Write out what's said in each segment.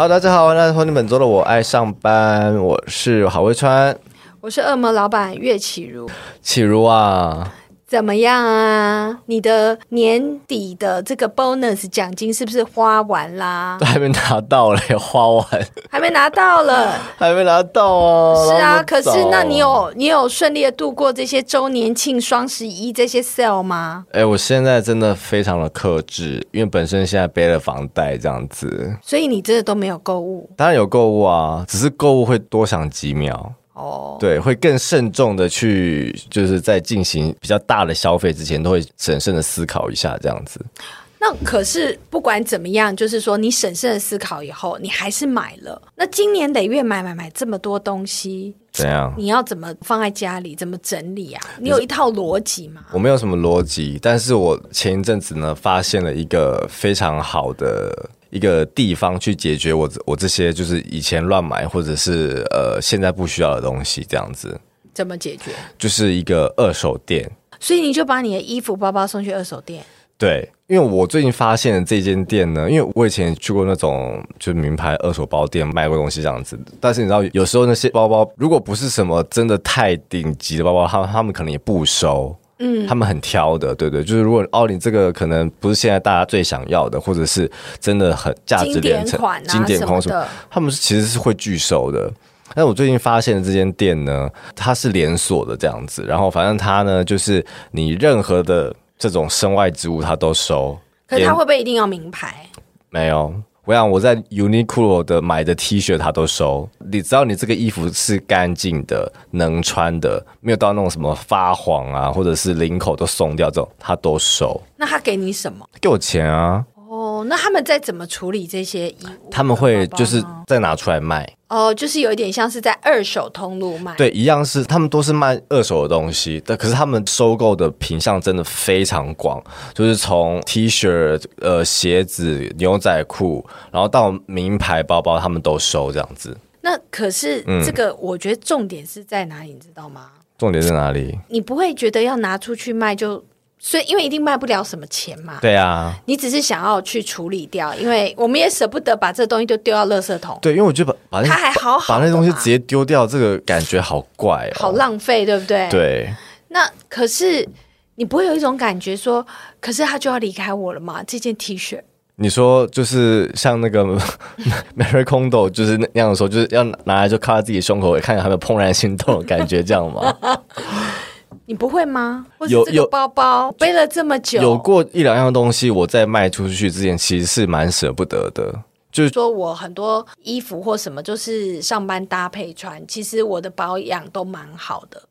好，大家好，我是同你們做的，我愛上班，我是郝慧川，我是惡魔老板岳啟儒，啟儒啊。怎麼樣啊？你的年底的這個 bonus 獎金是不是花完啦？都還沒拿到嘞，花完。還沒拿到了， 還沒拿到哦、啊嗯。是啊，可是那你有你有順利的度過這些周年慶、雙十一這些 sale 嗎？誒、欸、我現在真的非常的克制，因為本身現在背了房貸這樣子，所以你真的都沒有購物？當然有購物啊，只是購物會多想幾秒。哦，oh. 對，會更慎重的去，就是在進行比較大的消費之前，都會審慎的思考一下，這樣子。那可是不管怎麼樣，就是說你審慎的思考以後，你還是買了。那今年累月買買買這麼多東西，怎樣？你要怎麼放在家裡？怎麼整理啊？就是、你有一套邏輯嗎？我沒有什麼邏輯，但是我前一陣子呢，發現了一個非常好的。一個地方去解決我我這些就是以前亂買或者是呃現在不需要的東西這樣子，怎麼解決？就是一個二手店，所以你就把你的衣服包包送去二手店。對，因為我最近發現的這間店呢，因為我以前去過那種就是名牌二手包店賣過東西這樣子，但是你知道有時候那些包包如果不是什麼真的太頂級的包包，他他們可能也不收。嗯，他們很挑的，對對，對，就是如果哦，你這個可能不是現在大家最想要的，或者是真的很價值連城，經典款啊，經典款什麼的，他們是其實是會拒收的。但我最近發現的這間店呢，它是連鎖的這樣子，然後反正它呢，就是你任何的這種身外之物，它都收。可是他會不會一定要名牌？沒有。我在 Uniqlo 的買的 T 恤，他都收。你知道你這個衣服是乾淨的、能穿的，沒有到那種什麼發黃啊，或者是領口都鬆掉這種，他都收。那他給你什麼？給我錢啊。那他們在怎麼處理這些衣物？他們會就是再拿出來賣哦，就是有一點像是在二手通路賣。對，一樣是他們都是賣二手的東西，但可是他們收購的品項真的非常廣，就是從 T 恤、shirt, 呃鞋子、牛仔褲，然後到名牌包包，他們都收這樣子。那可是這個，我覺得重點是在哪裡，你知道嗎？重點在哪裡？你不會覺得要拿出去賣就？所以，因為一定賣不了什麼錢嘛。對啊，你只是想要去處理掉，因為我們也捨不得把這東西都丟到垃圾桶。對，因為我覺得把他還好，好把那東西直接丟掉，這個感覺好怪，哦，好浪費，對不對？對。那可是你不會有一種感覺說，可是他就要離開我了嘛？這件 T 恤，你說就是像那個 Marie Kondo 就是那樣的時候，就是要拿來就靠在自己胸口也，看有沒有怦然心動的感覺這樣嗎？ 你不會嗎？有，有包包背了這麼久，有，有，有過一兩樣東西，我在賣出去之前其實是蠻捨不得的。就是說我很多衣服或什麼，就是上班搭配穿，其實我的保養都蠻好的。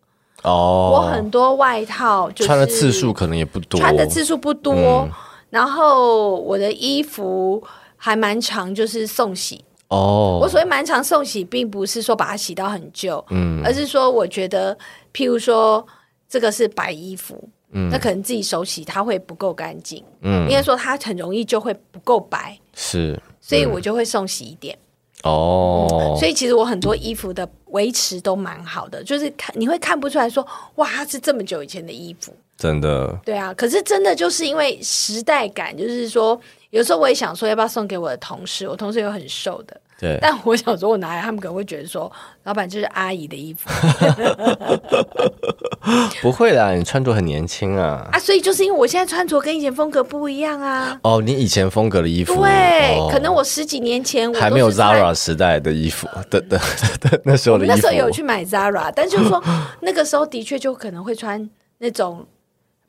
哦，我很多外套，穿的次數可能也不多，穿的次數不多。嗯、然後我的衣服還蠻常，就是送洗。哦，我所謂蠻常送洗，並不是說把它洗到很舊，嗯，而是說我覺得，譬如說。這個是白衣服，嗯，那可能自己手洗它會不夠乾淨，嗯，因為說它很容易就會不夠白，是，所以我就會送洗衣店。哦、嗯，所以其實我很多衣服的維持都蠻好的，嗯、就是看你會看不出來說，哇，它是這麼久以前的衣服，真的，對啊，可是真的就是因為時代感，就是說有時候我也想說，要不要送給我的同事？我同事有很瘦的。對，但我想說我拿來他們可能會覺得說，老闆就是阿姨的衣服， 不會的，你穿着很年輕啊。啊，所以就是因為我現在穿着跟以前風格不一樣啊。哦，你以前風格的衣服，對，哦、可能我十幾年前還沒有 Zara 時代的衣服的的那時候，呃、那時候有去買 Zara， 但就是說那個時候的確就可能會穿那種。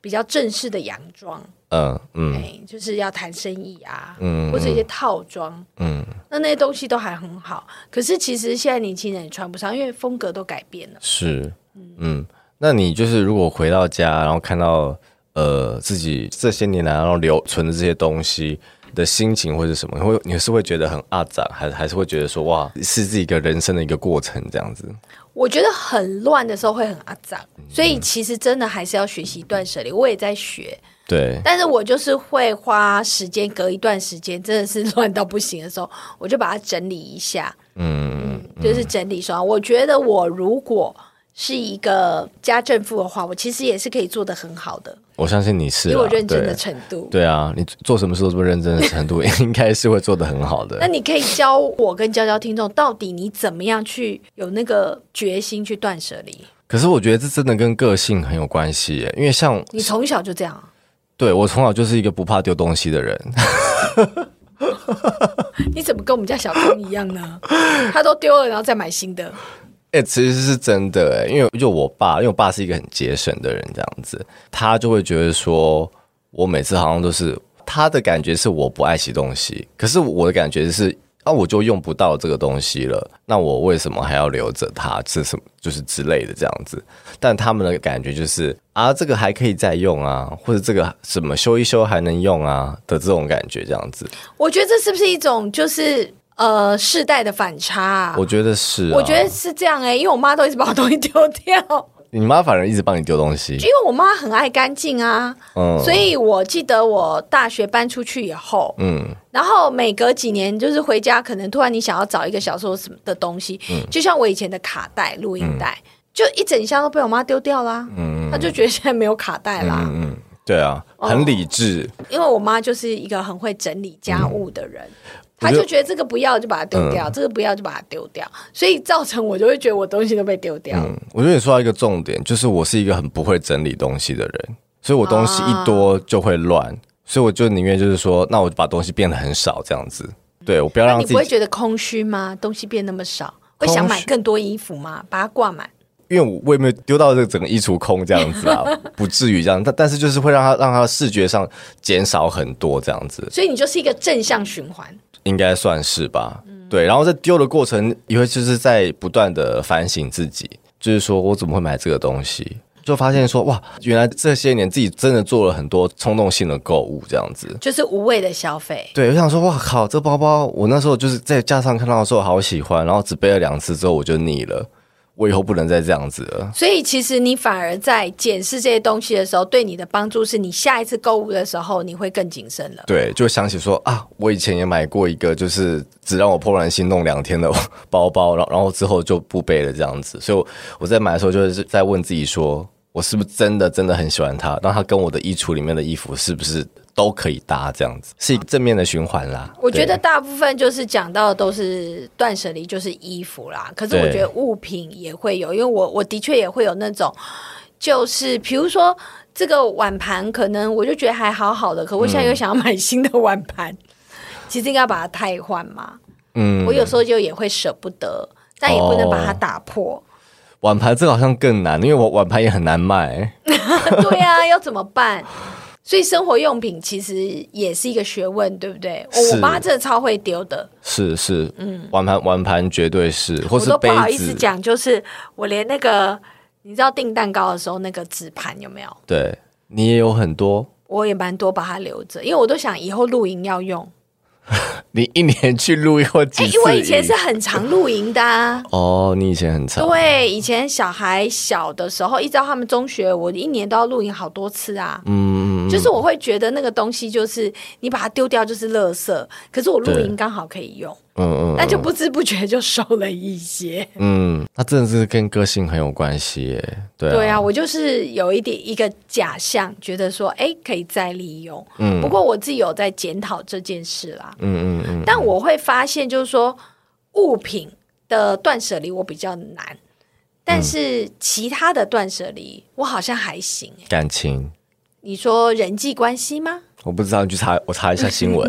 比較正式的洋裝，嗯，嗯嗯，欸，就是要談生意啊，嗯，或者一些套裝，嗯，那那些東西都還很好。嗯，可是其實現在年輕人也穿不上，因為風格都改變了。是，嗯，嗯嗯，那你就是如果回到家，然後看到呃自己這些年來然後留存的這些東西的心情或是什麼，會你是會覺得很阿雜，還還是會覺得說哇，是自己一個人生的一個過程這樣子？我覺得很亂的時候會很骯髒，所以其實真的還是要學習斷捨離。我也在學，對，但是我就是會花時間，隔一段時間，真的是亂到不行的時候，我就把它整理一下。嗯、嗯，就是整理說、嗯、我覺得我如果。是一個家政婦的話，我其實也是可以做得很好的。我相信你是、啊，有認真的程度對，對啊，你做什麼事都這麼認真的程度， 應該是會做得很好的。 那你可以教我跟嬌嬌聽眾，到底你怎麼樣去有那個決心去斷舍離？可是我覺得這真的跟個性很有關係耶，因為像你從小就這樣，對，我從小就是一個不怕丟東西的人。 你怎麼跟我們家小東一樣呢？他都丟了，然後再買新的。誒、欸，其實是真的誒、欸，因為就我爸，因為我爸是一個很節省的人，這樣子，他就會覺得說，我每次好像都是他的感覺是我不愛惜東西，可是我的感覺是啊，我就用不到這個東西了，那我為什麼還要留着它？這什麼就是之類的這樣子，但他們的感覺就是啊，這個還可以再用啊，或者這個怎麼修一修還能用啊的這種感覺這樣子。我覺得這是不是一種就是？呃，世代的反差，我覺得是，我覺得是這樣哎，因為我媽都一直把我東西丟掉。你媽反而一直幫你丟東西？因為我媽很愛乾淨啊，所以我記得我大學搬出去以後，嗯，然後每隔幾年就是回家，可能突然你想要找一個小時候什麼的東西，就像我以前的卡帶、錄音帶，就一整箱都被我媽丟掉啦，嗯，她就覺得現在沒有卡帶啦，嗯，對啊，很理智，因為我媽就是一個很會整理家務的人。就他就覺得這個不要就把它丟掉，嗯、這個不要就把它丟掉，所以造成我就會覺得我東西都被丟掉。嗯，我覺得你說到一個重點，就是我是一個很不會整理東西的人，所以我東西一多就會亂，啊、所以我就寧願就是說，那我把東西變得很少這樣子，對，我不要讓自己，你不會覺得空虛嗎？東西變那麼少，會想買更多衣服嗎？把它掛滿。因為我我也沒有丟到這個整個衣櫥空這樣子啊， 不至於這樣，但但是就是會讓他，讓他的視覺上減少很多這樣子，所以你就是一個正向循環，應該算是吧，嗯、對。然後在丟的過程，因為就是在不斷的反省自己，就是說我怎麼會買這個東西，就發現說哇，原來這些年自己真的做了很多衝動性的購物這樣子，就是無謂的消費。對，我想說哇靠，這包包我那時候就是在架上看到的時候好喜歡，然後只背了兩次之後我就膩了。我以後不能再這樣子了，所以其實你反而在檢視這些東西的時候，對你的幫助是你下一次購物的時候，你會更謹慎了。對，就想起說啊，我以前也買過一個，就是只讓我怦然心動兩天的包包，然後之後就不背了這樣子。所以我在買的時候，就是在問自己說，說我是不是真的真的很喜歡它？當它跟我的衣櫥裡面的衣服是不是？都可以搭，這樣子，是正面的循環啦。我覺得大部分就是講到都是斷捨離，就是衣服啦。可是我覺得物品也會有，因為我我的確也會有那種，就是比如說這個碗盤，可能我就覺得還好好的，可我現在又想要買新的碗盤，嗯、其實應該把它汰換嘛。嗯，我有時候就也會捨不得，但也不能把它打破。哦、碗盤這好像更難，因為我碗盤也很難賣。 對呀、啊，要怎麼辦？ 所以生活用品其實也是一個學問，對不對？是，我媽這超會丟的。是是，是嗯，碗盤碗盤絕對是，或是杯子。我都不好意思講，就是我連那個，你知道訂蛋糕的時候那個紙盤有沒有？對，你也有很多，我也蠻多，把它留着，因為我都想以後露營要用。你一年去露營幾次？欸？我以前是很常露營的，啊。 哦，你以前很常。對，以前小孩小的時候，一直到他們中學，我一年都要露營好多次啊。嗯嗯。就是我會覺得那個東西，就是你把它丟掉就是垃圾，可是我露營剛好可以用。嗯，嗯嗯，那就不知不覺就瘦了一些。嗯，那真的是跟個性很有關係耶。對啊對啊，我就是有一點一個假象，覺得說，哎，可以再利用。嗯，不過我自己有在檢討這件事啦。嗯嗯嗯。但我會發現，就是說物品的斷捨離我比較難，但是其他的斷捨離我好像還行。感情？你說人際關係嗎？我不知道，你去查，我查一下新聞。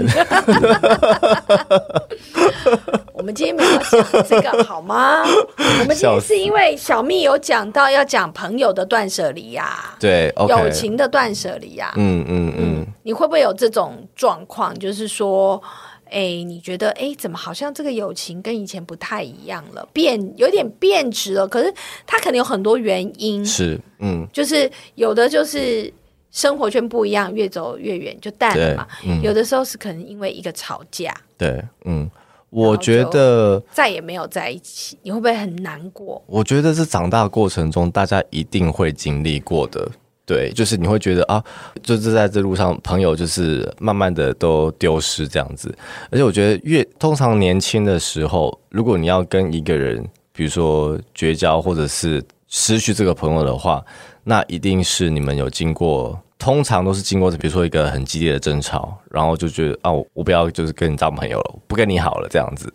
我們今天沒有講這個 好嗎？我們今天是因為小蜜有講到要講朋友的斷捨離呀、啊，對，okay. 友情的斷捨離呀、啊嗯，嗯嗯嗯，你會不會有這種狀況？就是說，哎、欸，你覺得，哎、欸，怎麼好像這個友情跟以前不太一樣了，變有點變質了？可是它可能有很多原因，是，嗯，就是有的就是生活圈不一樣，越走越遠就淡了嘛。嗯、有的時候是可能因為一個吵架，對，嗯。我覺得再也沒有在一起，你會不會很難過？我覺得這長大過程中大家一定會經歷過的，對，就是你會覺得啊，就是在這路上朋友就是慢慢的都丟失這樣子。而且我覺得越通常年輕的時候，如果你要跟一個人，比如說絕交或者是失去這個朋友的話，那一定是你們有經過。通常都是經過，比如說一個很激烈的爭吵，然後就覺得啊，我，我不要就是跟你當朋友了，不跟你好了這樣子。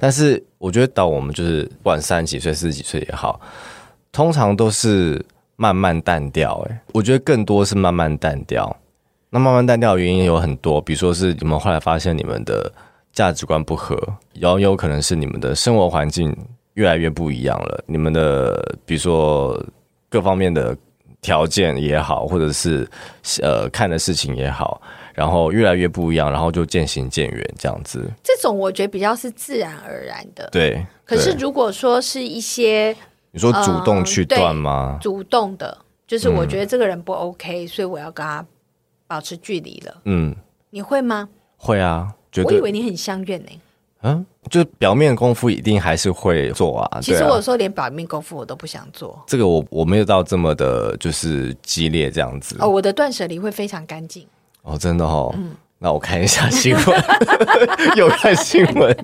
但是我覺得到我們就是不管三十幾歲、四十幾歲也好，通常都是慢慢淡掉欸。誒，我覺得更多是慢慢淡掉。那慢慢淡掉的原因有很多，比如說是你們後來發現你們的價值觀不合，然後有可能是你們的生活環境越來越不一樣了。你們的比如說各方面的。條件也好，或者是呃看的事情也好，然後越來越不一樣，然後就漸行漸遠，這樣子。這種我覺得比較是自然而然的，對。對，可是如果說是一些，你說主動去、呃、斷嗎？主動的，就是我覺得這個人不 OK，、嗯、所以我要跟他保持距離了。嗯，你會嗎？會啊，我以為你很鄉愿呢。嗯、啊，就表面功夫一定還是會做啊。其實對、啊、我說連表面功夫我都不想做。這個我我沒有到這麼的，就是激烈這樣子。哦，我的斷捨離會非常乾淨。哦，真的哦。嗯，那我看一下新聞，有 看新聞。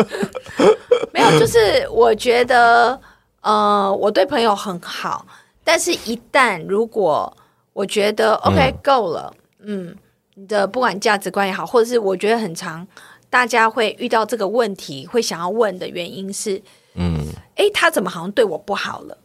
沒有，就是我覺得，呃，我對朋友很好，但是一旦如果我覺得 OK、嗯、夠了，嗯，你的不管價值觀也好，或者是我覺得很長。大家會遇到這個問題，會想要問的原因是，嗯，哎，他怎麼好像對我不好了？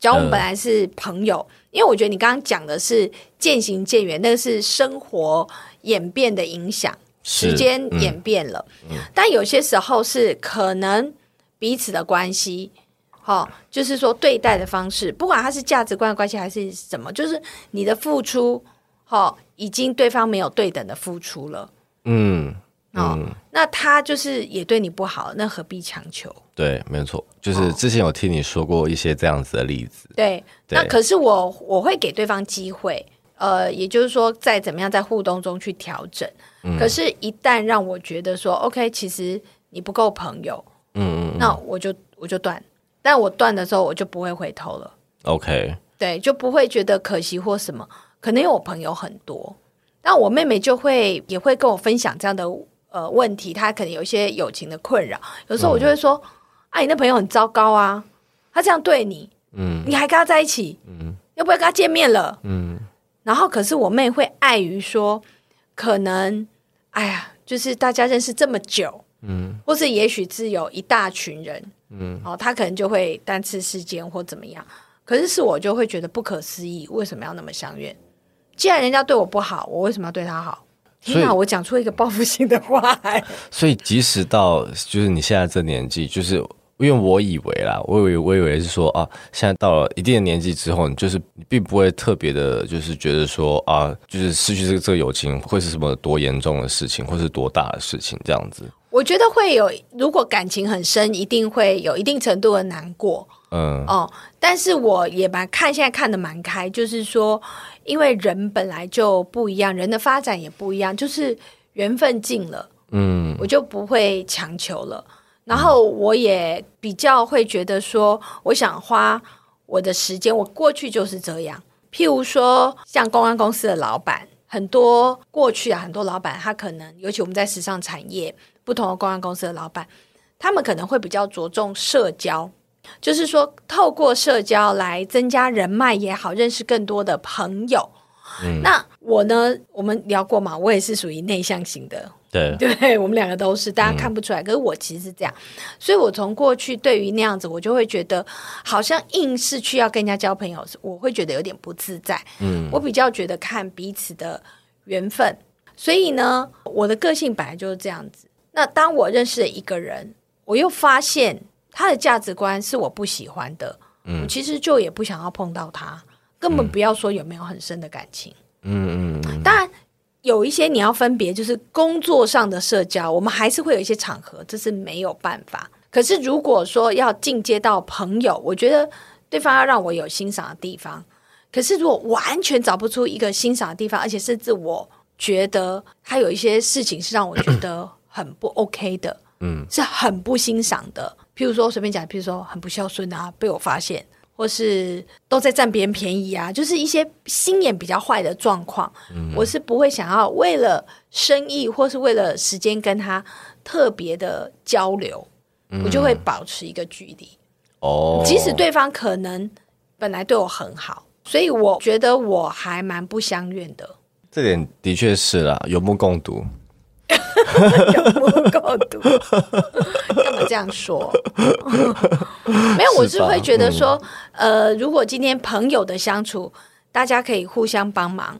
假如我們本來是朋友，呃、因為我覺得你剛剛講的是漸行漸遠，那是生活演變的影響，是時間演變了。嗯、但有些時候是可能彼此的關係，哈、嗯哦，就是說對待的方式，嗯、不管他是價值觀的關係還是什麼，就是你的付出，哈、哦，已經對方沒有對等的付出了。嗯。嗯、哦，那他就是也對你不好，那何必強求？對，沒錯，就是之前有聽你說過一些這樣子的例子。哦、對，對那可是我我會給對方機會，呃，也就是說再怎麼樣在互動中去調整。嗯、可是，一旦讓我覺得說，OK，其實你不夠朋友，嗯，嗯嗯，那我就我就斷。但我斷的時候，我就不會回頭了。OK，對，就不會覺得可惜或什麼。可能因為我朋友很多，那我妹妹就會也會跟我分享這樣的。呃，問題，他可能有一些友情的困擾，有時候我就會說：“嗯、啊，你那朋友很糟糕啊，他這樣對你，嗯，你還跟他在一起，嗯，要不要跟他見面了？”嗯，然後可是我妹會礙於說，可能，哎呀，就是大家認識這麼久，嗯，或是也許是有一大群人，嗯，哦，他可能就會單次事件或怎麼樣，可是是我就會覺得不可思議，為什麼要那麼鄉愿？既然人家對我不好，我為什麼要對他好？天哪，我講出一個報復性的話來，哎。所以，即使到就是你現在這年紀，就是因為我以為啦，我以為，我以為是說啊，現在到了一定的年紀之後，你就是你並不會特別的，就是覺得說啊，就是失去這個這個友情會是什麼多嚴重的事情，或是多大的事情這樣子。我覺得會有，如果感情很深，一定會有一定程度的難過。嗯，哦、嗯，但是我也蠻看現在看得蠻開，就是說，因為人本來就不一樣，人的發展也不一樣，就是緣分盡了，嗯，我就不會強求了。然後我也比較會覺得說，我想花我的時間，我過去就是這樣。譬如說，像公關公司的老闆，很多過去啊，很多老闆他可能，尤其我們在時尚產業。不同的公關公司的老闆，他們可能會比較着重社交，就是說透過社交來增加人脈也好，認識更多的朋友。嗯、那我呢，我們聊過嘛，我也是屬於內向型的。對，對我們兩個都是，大家看不出來，嗯、可是我其實是這樣。所以我從過去對於那樣子，我就會覺得好像硬是去要跟人家交朋友，我會覺得有點不自在。嗯，我比較覺得看彼此的緣分。所以呢，我的個性本來就是這樣子。那當我認識了一個人，我又發現他的價值觀是我不喜歡的，嗯，我其實就也不想要碰到他，根本不要說有沒有很深的感情，嗯嗯。當然，有一些你要分別，就是工作上的社交，我們還是會有一些場合，這是沒有辦法。可是如果說要進階到朋友，我覺得對方要讓我有欣賞的地方。可是如果完全找不出一個欣賞的地方，而且甚至我覺得他有一些事情是讓我覺得。 很不 OK 的，嗯，是很不欣賞的。譬如說，隨便講，譬如說，很不孝順啊，被我發現，或是都在占別人便宜啊，就是一些心眼比較壞的狀況。嗯、哼我是不會想要為了生意或是為了時間跟他特別的交流，嗯、哼我就會保持一個距離。哦，即使對方可能本來對我很好，所以我覺得我還蠻不相願的。這點的確是啦，有目共睹。仰慕 摸高度， 幹嘛這樣說？ 沒有，我是會覺得說，嗯、呃，如果今天朋友的相處，大家可以互相幫忙，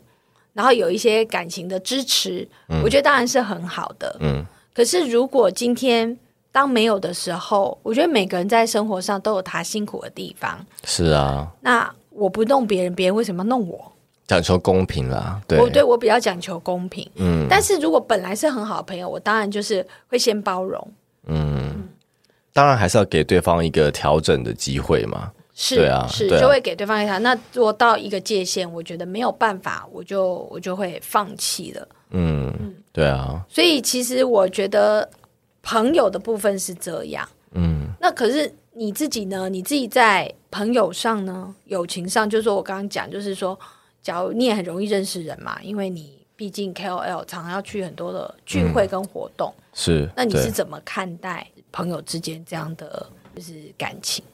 然後有一些感情的支持，嗯、我覺得當然是很好的。嗯。可是如果今天當沒有的時候，我覺得每個人在生活上都有他辛苦的地方。是啊。那我不弄別人，別人為什麼要弄我？講求公平啦，對我對我比較講求公平，嗯，但是如果本來是很好的朋友，我當然就是會先包容，嗯，嗯當然還是要給對方一個調整的機會嘛，是對啊，是啊，就會給對方一下。那如果到一個界限，我覺得沒有辦法，我就我就會放棄了，嗯，嗯對啊。所以其實我覺得朋友的部分是這樣，嗯，那可是你自己呢？你自己在朋友上呢，友情上，就是我剛剛講，就是說。假如你也很容易認識人嘛，因為你畢竟 KOL 常常要去很多的聚會跟活動，嗯、是。那你是怎麼看待朋友之間這樣的就是感情？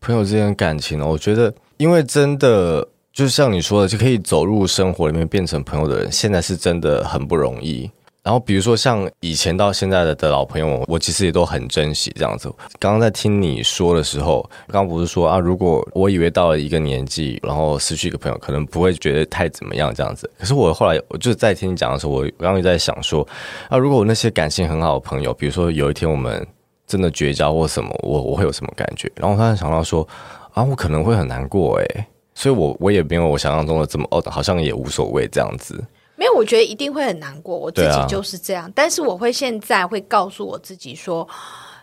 朋友之間的感情呢？我覺得，因為真的就像你說的，就可以走入生活裡面變成朋友的人，現在是真的很不容易。然後比如說像以前到現在的的老朋友，我其實也都很珍惜這樣子。剛剛在聽你說的時候，剛剛不是說啊，如果我以為到了一個年紀，然後失去一個朋友，可能不會覺得太怎麼樣這樣子。可是我後來我就在聽你講的時候，我剛剛又在想說啊，如果我那些感情很好的朋友，比如說有一天我們真的絕交或什麼，我我會有什麼感覺？然後我突然想到說啊，我可能會很難過哎、欸，所以我我也沒有我想象中的這麼哦，好像也無所謂這樣子。沒有，我覺得一定會很難過。我自己就是這樣，啊、但是我會現在會告訴我自己說：“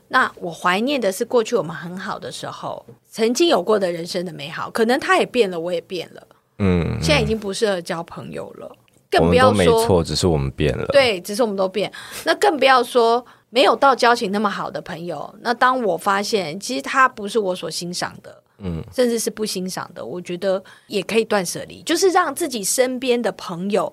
那我懷念的是過去我們很好的時候，曾經有過的人生的美好。可能他也變了，我也變了，嗯，現在已經不適合交朋友了。更不要說，沒錯，只是我們變了，對，只是我們都變。 那更不要說沒有到交情那麼好的朋友。那當我發現其實他不是我所欣賞的，嗯，甚至是不欣賞的，我覺得也可以斷捨離，就是讓自己身邊的朋友。”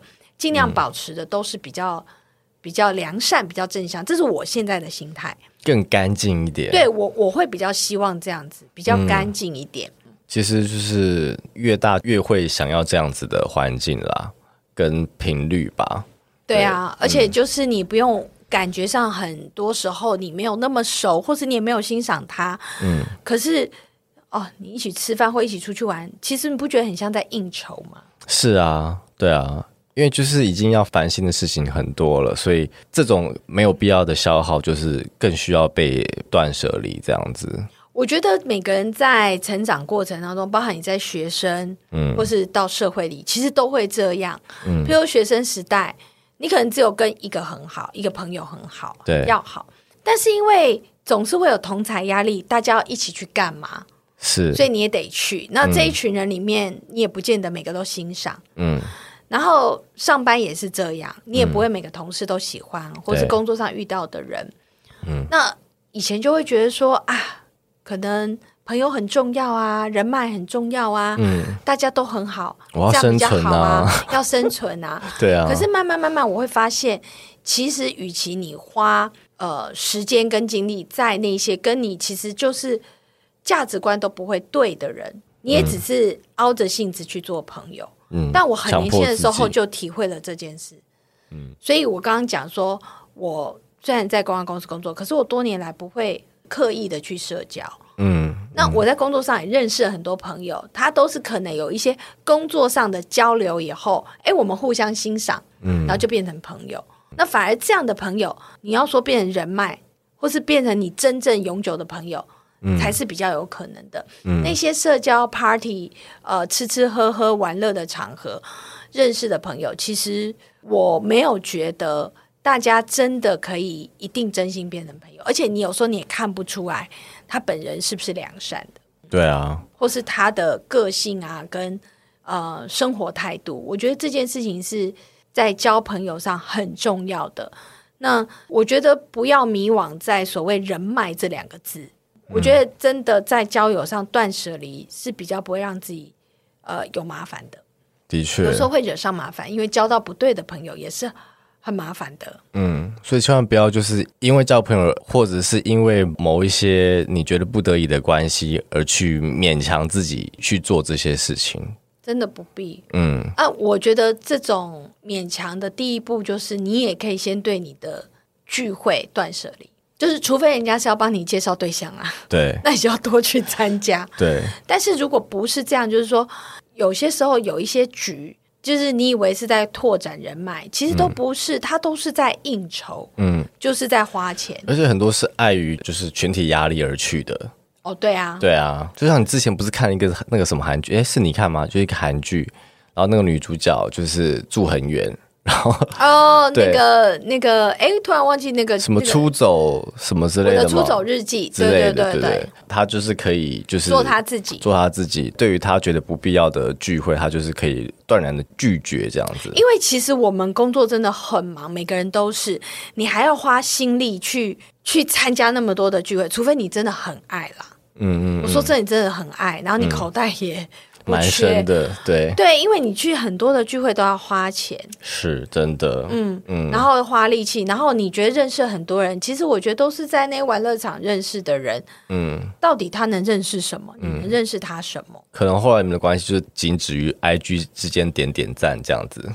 盡量保持的都是比較、嗯、比較良善、比較正向，這是我現在的心態。更乾淨一點。對我我會比較希望這樣子，比較乾淨一點、嗯。其實就是越大越會想要這樣子的環境啦，跟頻率吧。對，對啊，嗯、而且就是你不用感覺上，很多時候你沒有那麼熟，或是你也沒有欣賞他。嗯。可是哦，你一起吃飯或一起出去玩，其實你不覺得很像在應酬嗎？是啊，對啊。因為就是已經要煩心的事情很多了，所以這種沒有必要的消耗，就是更需要被斷捨離。這樣子，我覺得每個人在成長過程當中，包含你在學生，嗯，或是到社會裡，其實都會這樣。嗯，譬如學生時代，你可能只有跟一個很好、一個朋友很好，對，要好。但是因為總是會有同儕壓力，大家要一起去幹嘛？是，所以你也得去。那這一群人裡面，嗯、你也不見得每個都欣賞。嗯。然後上班也是這樣，你也不會每個同事都喜歡，嗯、或是工作上遇到的人。嗯、那以前就會覺得說啊，可能朋友很重要啊，人脈很重要啊，嗯、大家都很好，這樣、啊、比較好啊， 要生存啊， 對啊。可是慢慢慢慢，我會發現，其實與其你花呃時間跟精力在那些跟你其實就是價值觀都不會對的人，嗯、你也只是拗着性子去做朋友。嗯、但我很年輕的時候就體會了這件事，所以我剛剛講說，我雖然在公關公司工作，可是我多年來不會刻意的去社交，嗯，嗯，那我在工作上也認識了很多朋友，他都是可能有一些工作上的交流以後，哎、欸，我們互相欣賞，然後就變成朋友。嗯、那反而這樣的朋友，你要說變成人脈，或是變成你真正永久的朋友。才是比較有可能的。嗯，那些社交 party，呃，吃吃喝喝玩樂的場合認識的朋友，其實我沒有覺得大家真的可以一定真心變成朋友。而且你有時候你也看不出來他本人是不是良善的，對啊，或是他的個性啊，跟呃生活態度。我覺得這件事情是在交朋友上很重要的。那我覺得不要迷惘在所謂人脈這兩個字。我覺得真的在交友上斷捨離是比較不會讓自己呃有麻煩的，的確，有時候會惹上麻煩，因為交到不對的朋友也是很麻煩的。嗯，所以千萬不要就是因為交朋友，或者是因為某一些你覺得不得已的關係而去勉強自己去做這些事情，真的不必。嗯，啊，我覺得這種勉強的第一步就是，你也可以先對你的聚會斷捨離。就是，除非人家是要幫你介紹對象啊，對，那你就要多去參加。對，但是如果不是這樣，就是說，有些時候有一些局，就是你以為是在拓展人脈，其實都不是，嗯、他都是在應酬，嗯，就是在花錢，而且很多是礙於就是群體壓力而去的。哦，對啊，對啊，就像你之前不是看一個那個什麼韓劇？誒、欸，是你看嗎？就一個韓劇，然後那個女主角就是住很遠。 然後哦，那個那個，哎，突然忘記那個什麼出走，這個，什麼之類的出走日記之類的，對對對，對，對，對，對，對他就是可以就是做他自己，做他自己。對於他覺得不必要的聚會，他就是可以斷然的拒絕這樣子。因為其實我們工作真的很忙，每個人都是，你還要花心力去去參加那麼多的聚會，除非你真的很愛啦。嗯，嗯嗯，我說這你真的很愛，然後你口袋也。嗯蠻深的，對對，因為你去很多的聚會都要花錢，是真的，嗯嗯，嗯，然後花力氣，然後你覺得認識很多人，其實我覺得都是在那玩樂場認識的人，嗯，到底他能認識什麼？你能認識他什麼？嗯、可能後來你們的關係就僅止於 IG 之間點點讚這樣子。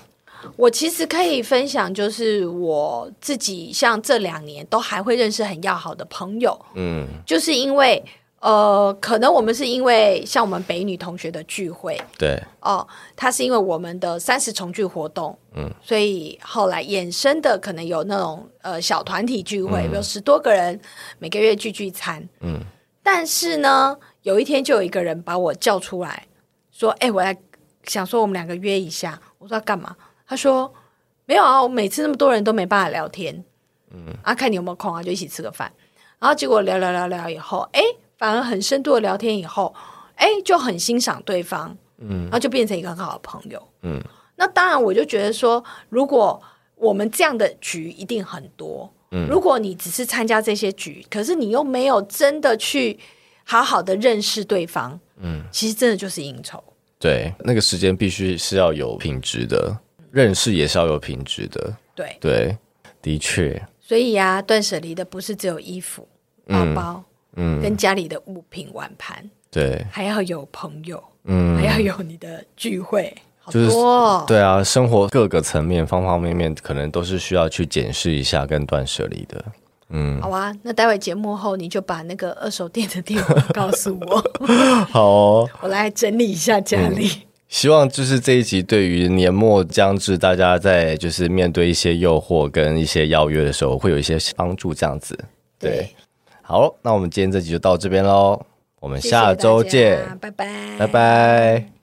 我其實可以分享，就是我自己像這兩年都還會認識很要好的朋友，嗯，就是因為。呃，可能我們是因為像我們北女同學的聚會，對，哦，他是因為我們的三十重聚活動，嗯，所以後來衍生的可能有那種呃小團體聚會，比如、嗯、十多個人每個月聚聚餐，嗯，但是呢，有一天就有一個人把我叫出來，說，哎、欸，我來想說我們兩個約一下，我說幹嘛？他說沒有啊，我每次那麼多人都沒辦法聊天，嗯，啊，看你有沒有空啊，就一起吃個飯，然後結果聊聊聊聊以後，哎、欸。反而很深度的聊天以後，哎，就很欣賞對方，嗯，然後就變成一個很好的朋友，嗯。那當然，我就覺得說，如果我們這樣的局一定很多，嗯。如果你只是參加這些局，可是你又沒有真的去好好的認識對方，嗯，其實真的就是應酬。對，那個時間必須是要有品質的，認識也是要有品質的。對對，的確。所以啊，斷捨離的不是只有衣服、包包。嗯。跟家裡的物品玩盤，嗯，對，還要有朋友，嗯，還要有你的聚會，好多，哦，就是，對啊，生活各個層面，方方面面，可能都是需要去檢視一下跟斷捨離的，嗯，好啊，那待會節目後，你就把那個二手店的電話告訴我， 好，哦， 我來整理一下家裡。嗯，希望就是這一集，對於年末將至，大家在就是面對一些誘惑跟一些邀約的時候，會有一些幫助，這樣子，對。對好，那我們今天這集就到這邊嘍，我們下周見，拜拜，拜拜。拜拜。